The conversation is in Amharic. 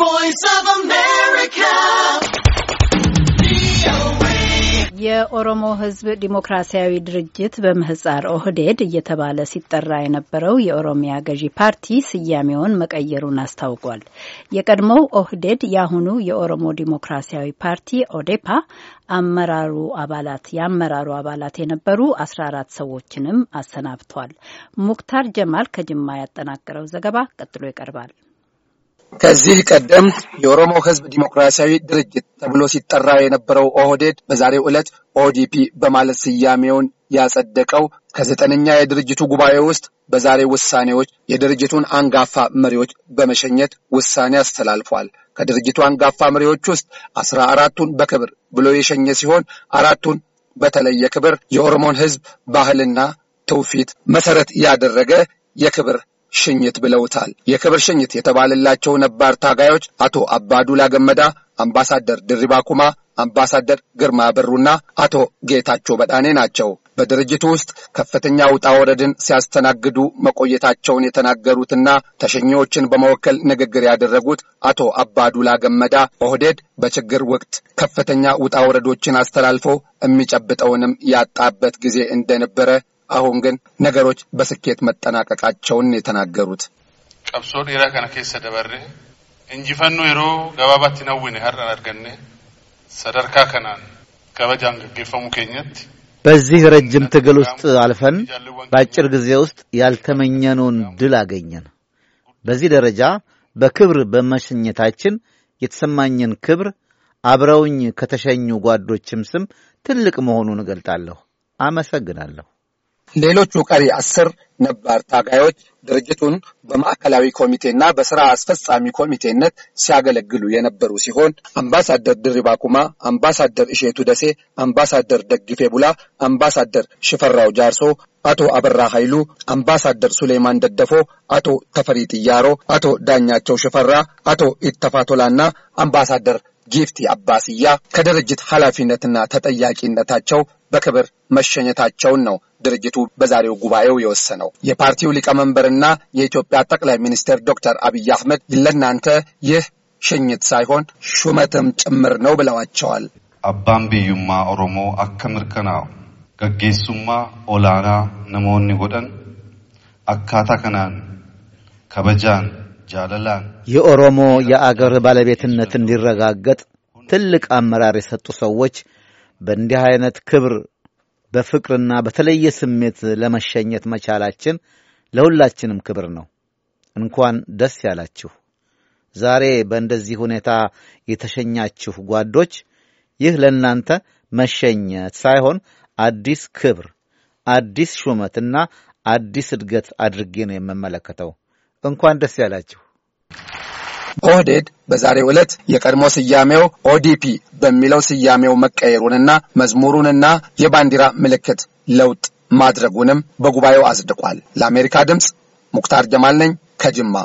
voice of America. የኦሮሞ ሕዝብ ዲሞክራሲያዊ ድርጅት በምህፃር ኦህዴድ እየተባለ ሲጠራ የነበረው የኦሮሚያ ገዢ ፓርቲ ስያሜውን መቀየሩን አስታውቋል። የቀድሞው ኦህዴድ የአሁኑ የኦሮሞ ዲሞክራሲያዊ ፓርቲ ኦዴፓ አመራሩ አባላት የአመራሩ አባላት የነበሩ አስራ አራት ሰዎችንም አሰናብቷል። ሙክታር ጀማል ከጅማ ያጠናቀረው ዘገባ ቀጥሎ ይቀርባል። ከዚህ ቀደም የኦሮሞ ህዝብ ዲሞክራሲያዊ ድርጅት ተብሎ ሲጠራ የነበረው ኦህዴድ በዛሬው ዕለት ኦዲፒ በማለት ስያሜውን ያጸደቀው ከዘጠነኛ የድርጅቱ ጉባኤ ውስጥ በዛሬ ውሳኔዎች የድርጅቱን አንጋፋ መሪዎች በመሸኘት ውሳኔ አስተላልፏል። ከድርጅቱ አንጋፋ መሪዎች ውስጥ አስራ አራቱን በክብር ብሎ የሸኘ ሲሆን አራቱን በተለየ ክብር የኦሮሞን ህዝብ ባህልና ትውፊት መሰረት ያደረገ የክብር ሽኝት ብለውታል። የክብር ሽኝት የተባለላቸው ነባር ታጋዮች አቶ አባዱላ ገመዳ፣ አምባሳደር ድሪባ ኩማ፣ አምባሳደር ግርማ ብሩና አቶ ጌታቸው በጣኔ ናቸው። በድርጅቱ ውስጥ ከፍተኛ ውጣ ወረድን ሲያስተናግዱ መቆየታቸውን የተናገሩትና ተሸኚዎችን በመወከል ንግግር ያደረጉት አቶ አባዱላ ገመዳ ኦህዴድ በችግር ወቅት ከፍተኛ ውጣ ወረዶችን አስተላልፎ የሚጨብጠውንም ያጣበት ጊዜ እንደነበረ አሁን ግን ነገሮች በስኬት መጠናቀቃቸውን የተናገሩት ቀብሶን ራ ከነ ኬሰ ደበሬ እንጂፈኑ የሮ ገባባት ነውነ ሀራን አርገነ ሰደርካ ከናን ከበጃን ገጌፈሙ ኬኘት በዚህ ረጅም ትግል ውስጥ አልፈን በአጭር ጊዜ ውስጥ ያልተመኘነውን ድል አገኘን። በዚህ ደረጃ በክብር በመሸኘታችን የተሰማኝን ክብር አብረውኝ ከተሸኙ ጓዶችም ስም ትልቅ መሆኑን እገልጣለሁ። አመሰግናለሁ። ሌሎቹ ቀሪ አስር ነባር ታጋዮች ድርጅቱን በማዕከላዊ ኮሚቴና በስራ አስፈጻሚ ኮሚቴነት ሲያገለግሉ የነበሩ ሲሆን አምባሳደር ድሪባ ኩማ፣ አምባሳደር እሼቱ ደሴ፣ አምባሳደር ደግፌ ቡላ፣ አምባሳደር ሽፈራው ጃርሶ፣ አቶ አበራ ኃይሉ፣ አምባሳደር ሱሌማን ደደፎ፣ አቶ ተፈሪ ጥያሮ፣ አቶ ዳኛቸው ሽፈራ፣ አቶ ኢተፋቶላና አምባሳደር ጊፍቲ አባስያ ከድርጅት ኃላፊነትና ተጠያቂነታቸው በክብር መሸኘታቸውን ነው ድርጅቱ በዛሬው ጉባኤው የወሰነው። የፓርቲው ሊቀመንበርና የኢትዮጵያ ጠቅላይ ሚኒስትር ዶክተር አብይ አህመድ ለእናንተ ይህ ሽኝት ሳይሆን ሹመትም ጭምር ነው ብለዋቸዋል። አባን ብዩማ ኦሮሞ አከምርከና ገጌሱማ ኦላና ነሞኒ ጎደን አካታ ከናን ከበጃን የኦሮሞ የአገር ባለቤትነት እንዲረጋገጥ ትልቅ አመራር የሰጡ ሰዎች በእንዲህ አይነት ክብር በፍቅርና በተለየ ስሜት ለመሸኘት መቻላችን ለሁላችንም ክብር ነው። እንኳን ደስ ያላችሁ። ዛሬ በእንደዚህ ሁኔታ የተሸኛችሁ ጓዶች፣ ይህ ለእናንተ መሸኘት ሳይሆን አዲስ ክብር፣ አዲስ ሹመትና አዲስ እድገት አድርጌ ነው የምመለከተው። እንኳን ደስ ያላችሁ። ኦህዴድ በዛሬ ዕለት የቀድሞ ስያሜው ኦዲፒ በሚለው ስያሜው መቀየሩንና መዝሙሩንና የባንዲራ ምልክት ለውጥ ማድረጉንም በጉባኤው አጽድቋል። ለአሜሪካ ድምፅ ሙክታር ጀማል ነኝ ከጅማ